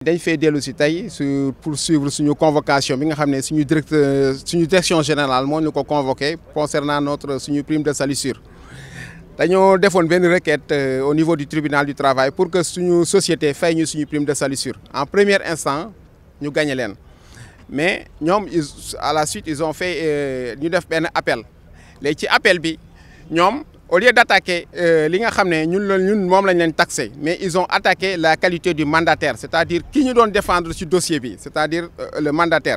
Nous avons fait des tey pour poursuivre suñu convocation Nous avons fait direction générale nous concernant notre prime de salissure avons fait une requête euh, au niveau du tribunal du travail pour que suñu société fasse une prime de salissure en premier instant nous gagné mais nous à la suite ils ont fait un euh, appel ci appel au lieu d'attaquer euh, li nga xam ne ñun ñun mais ils ont attaqué la qualité du mandataire c'est-à-dire qui nous doit défendre ce dossier bi c'est-à-dire euh, le mandataire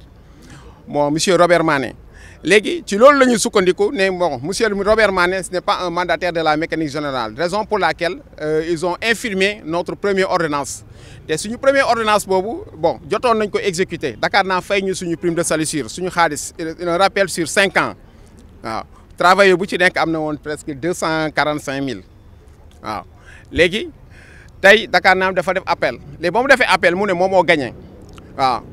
bon monsieur Robert Mané les ci loolu nous avons dit, monsieur Robert Mané ce n'est pas un mandataire de la mécanique générale raison pour laquelle euh, ils ont infirmé notre première ordonnance C'est une première ordonnance vous, bon jotoon nañ ko exécuter D'accord, nous fay ñu suñu prime de salissure suñu un rappel sur 5 ans travail bu ci nek presque 245 wa légui tay Dakar nam dafa def appel les ba mu fait appel mu ne gagné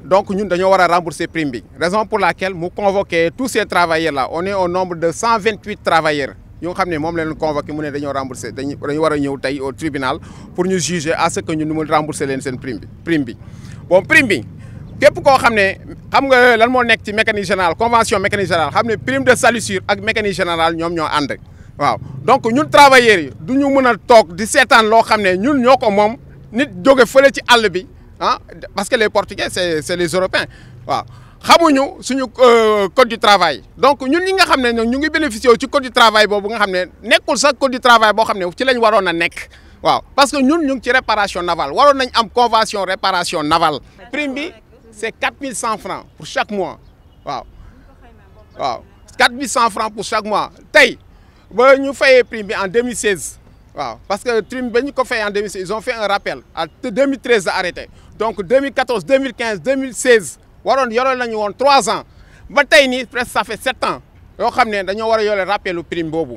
donc ñun devons wara rembourser prime bi raison pour laquelle mu convoqué tous ces travailleurs là on est au nombre de 128 travailleurs ñu xamné mom la leen convoqué mu ne dañoo dañu wara au tribunal pour nous juger à ce que nous ñu rembourser remboursé leen prime bi prime bi bon prime bi képp pour que convention mécanique générale de salissure ak mécanique générale général, donc nous travailleurs Nous avons 17 ans, nous di nous ah, parce que les portugais c'est les européens Nous, nous suñu euh, code du travail donc nous, ñi nga code du travail Nous avons le code du travail Nous nous parce que nous, nous ngi réparation navale Nous convention réparation navale prime c'est 4100 francs pour chaque mois 4100 francs pour chaque mois ba ñu prime en 2016 parce que prime ba ñu ko en 2016 ils ont fait un rappel En 2013 ont arrêté donc 2014 2015 2016 ils ont fait won 3 ans ba presque ça fait 7 ans Ils ont fait un rappel au prix prime bobu.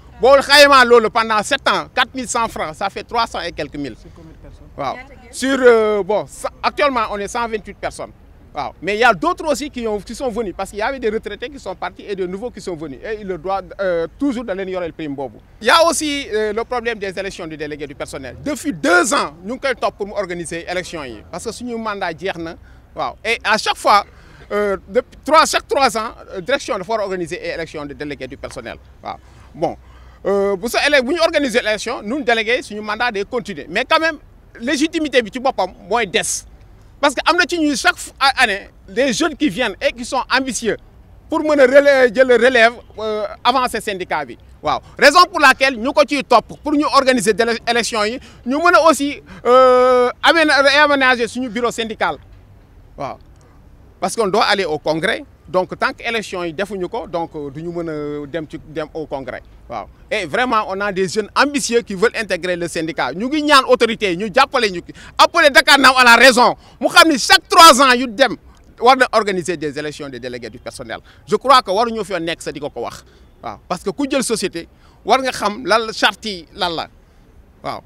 pendant 7 ans 4100 francs ça fait 300 et quelques mille Wow. sur euh, bon actuellement on est 128 personnes mais il y a d'autres aussi qui ont qui sont venus parce qu'il y avait des retraités qui sont partis et de nouveaux qui sont venus et il le doit euh, toujours de l'ignorer le prime il y a aussi euh, le problème des élections du délégué du personnel depuis deux ans nous sommes top pour organiser l'élection. parce que nous mandat jeex et à chaque fois chaque trois ans direction de organiser élection de délégués du personnel bon euh, pour organiser l'élection, nous ñu organiser nous mandat de continuer mais quand même légitimité est ci moins parce que chaque année des jeunes qui viennent et qui sont ambitieux pour nous le relève euh, avant ces syndicats syndicat raison pour laquelle nous continuons top pour nous organiser l'élection. Nous nous aussi euh, aussi aménager le bureau syndical parce qu'on doit aller au congrès donc tant qu'élection, élection yi defuñu donc euh, au congrès et vraiment on a des jeunes ambitieux qui veulent intégrer le syndicat Nous avons une autorité nous avons jàppale appelé Dakar à la raison Nous avons chaque trois ans nous dem organiser des élections des délégués du personnel je crois que nous avons un un ex parce que ku la société nous avons xam la charte la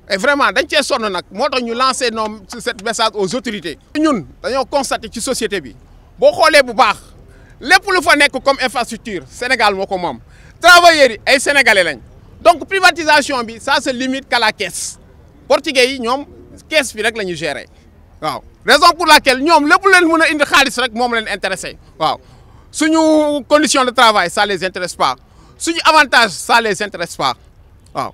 et vraiment nous avons lancé ce message aux autorités Nous avons constaté la société bi bo xolé bu baax lepp lu fa nek comme infrastructure Sénégal moko mom travailleurs yi ay sénégalais lañ donc privatisation bi ça se limite qu'à la caisse portugais yi ñoom caisse bi rek la raison pour laquelle ñom lepp leen mëna indi xaalis rek mom leen intéressé waaw suñu condition de travail ça les intéresse pas suñu avantage ça les intéresse pas waaw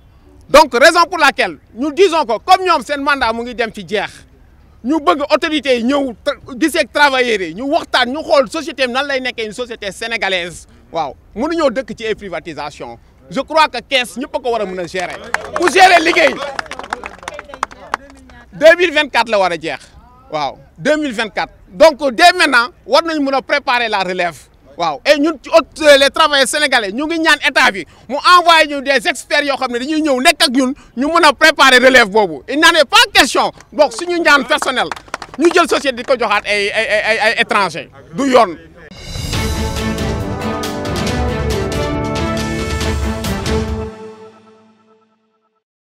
donc raison pour laquelle nous disons que comme ñom sen mandat mu ngi dem ci ñu bëgg autorité, nous ñëw gisee ak ñu waxtaan ñu société nan lay une société sénégalaise waaw mënuñoo dëkk ci ay privatisation je crois que caisse ñëpp a ko war a mën a gérer ku gérer liggéey 2024 la war dire. Wow, waaw 2024 donc dès maintenant war nañ mën préparer la relève et nous euh, les travailleurs sénégalais nous avons ñaan état nous mu envoyé des experts comme nous nous dañuy préparé ak préparer relève il n'en est pas question donc si nous personnel un personnel, nous avons une société ay